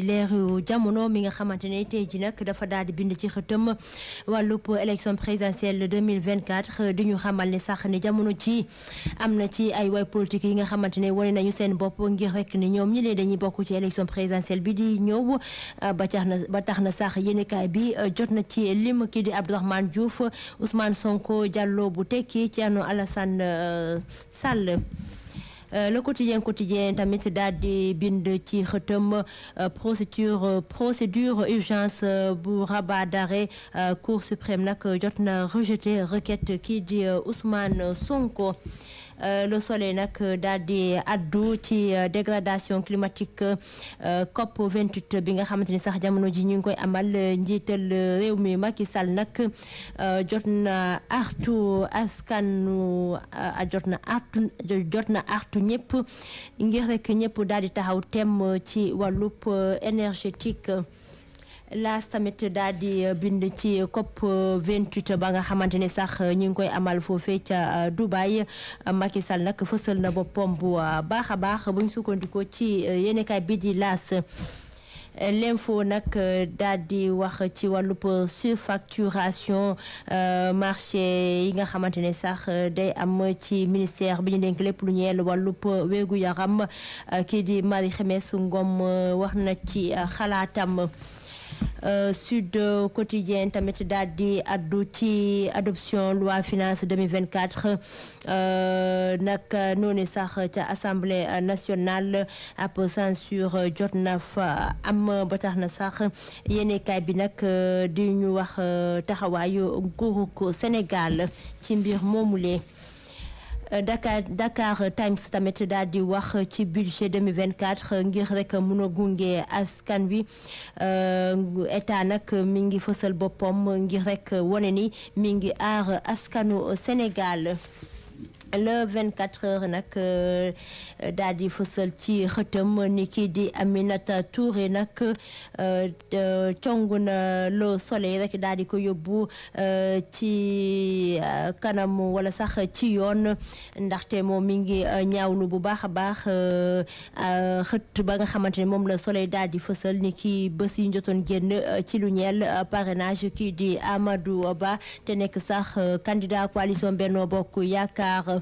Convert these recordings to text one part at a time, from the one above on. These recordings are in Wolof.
leeru jamono mi nga xamante ne tey ji nag dafa daal di bind ci xëtëm wàllub élection présidentielle 2024 di ñu xamal ne sax ni jamono ci am na ci ay way politique yi nga xamante ne wane nañu seen bopp ngir rek ni ñoom ñi lee dañuy bokk ci élection présidentielle bi di ñëw euh, ba tax na ba tax na sax yéenekaay bi euh, jot na ci lim kii di Abdourahmane Diouf Ousmane Sonko Diallo bu tekki Thierno Alassane euh, Sall Euh, le quotidien quotidien tamit daal di bind ci xëtëm euh, procédure euh, procédure urgence bu rabat d'arrêt cour suprême nag jot na rejeté requête kii di Ousmane Sonko. Euh, le soleil nag euh, daal di euh, addu ci dégradation climatique COP 28 bi nga xamante ni sax jamono ji ñu ngi koy amal njiital réew mi Macky Sall nag jot na artu askanu jot na artu jot na artu ñëpp ñëpp daal di taxaw tem ci wàllub énergétique laas tamit daal di bind ci vingt 28 ba nga xamante ni sax ñu ngi koy amal foofee ca euh, Dubaï Macky Sall nag fësal na boppam bu euh, baax a baax bu ñu ci euh, yéenekaay bi di laas. l'info nag daal di wax ci wàllub surfacturation marché yi nga xamante ne sax day am ci ministère bi ñu dénk lépp lu ñeel wàllub weegu yaram kii di Marie Khemesse Ngom wax na ci xalaatam. Euh, Sud Quotidien tamit daal di addu ci adoption loi finance 2024 euh, nag noonu sax ca assemblée nationale ab censure jot na am ba tax na sax yéenekaay bi nag euh, di ñu wax taxawaayu nguurug Sénégal ci mbir moomulee Euh, Dakar Dakar Times tamit daal di wax ci budget 2024 ngir rek mun a gunge askan wi euh, état nag mi ngi fësal boppam ngir rek wone ni mi ngi aar askanu Sénégal. le 24 heures nag euh, daal di fësal ci xëtam ni kii di Aminata Touré nag euh, euh, congu na le soleil rek daal di ko yóbbu ci kanam wala sax ci yoon ndaxte moom mi ngi ñaawlu bu baax a baax xët ba nga xamante ne moom la soleil daal di fësal ni kii bés yi génn ci lu ñeel parrainage kii di Amadou Ba te nekk sax candidat coalition Benno Bokk Yaakaar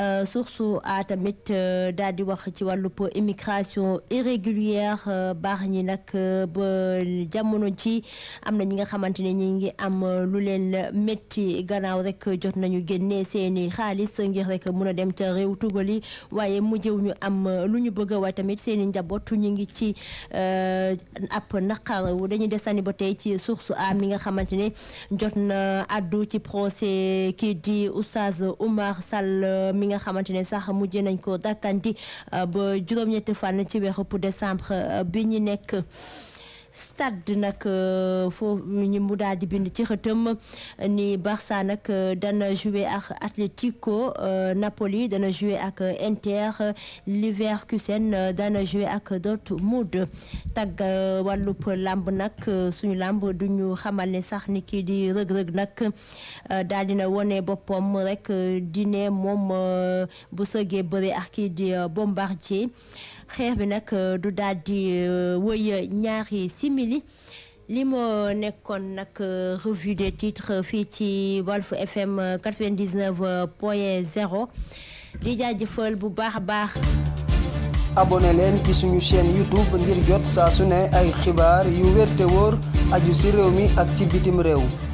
Euh, source a tamit euh, daal di wax ci wàllub immigration irrégulière euh, baax ñi nag ba jamono ji am na ñi nga xamante ne ñi ngi am lu leen métti gannaaw rek jot nañu génne seeni xaalis ngir rek mun a dem ca réew tugal yi waaye mujjëw ñu am lu ñu bëgg waaye tamit seeni njabootu ñu ngi ci ab naqar dañuy desani ba tey ci source a mi nga xamante ne jot na addu ci procès kii di oustaz Oumar mi nga xamante ne sax mujj nañ ko dàkkanti euh, ba juróom-ñetti fànn ci de décembre euh, bi ñu nekk. stade nag euh, foofu mu daal di bind ci xëtam euh, ni Barça nag euh, dana jouer ak Atlético Napoli dana jouer ak Inter Leverkusen dana jouer ak Dortmund tagg wàllub làmb nag suñu làmb duñu xamal ne sax ni kii di rëg-rëg nag daal dina wone boppam rek di moom bu sëgee bëre ak kii di Bombardier xeex bi nag euh, du daal di euh, wëy ñaari simili li moo nekkoon nag euh, revue des titres fii ci Walf FM 99 point 0 di jaajëfal bu baax a baax. abonné leen ci suñu chaîne YouTube ngir jot saa su ne ay xibaar yu wér te wóor aju ci réew mi ak ci bitim réew.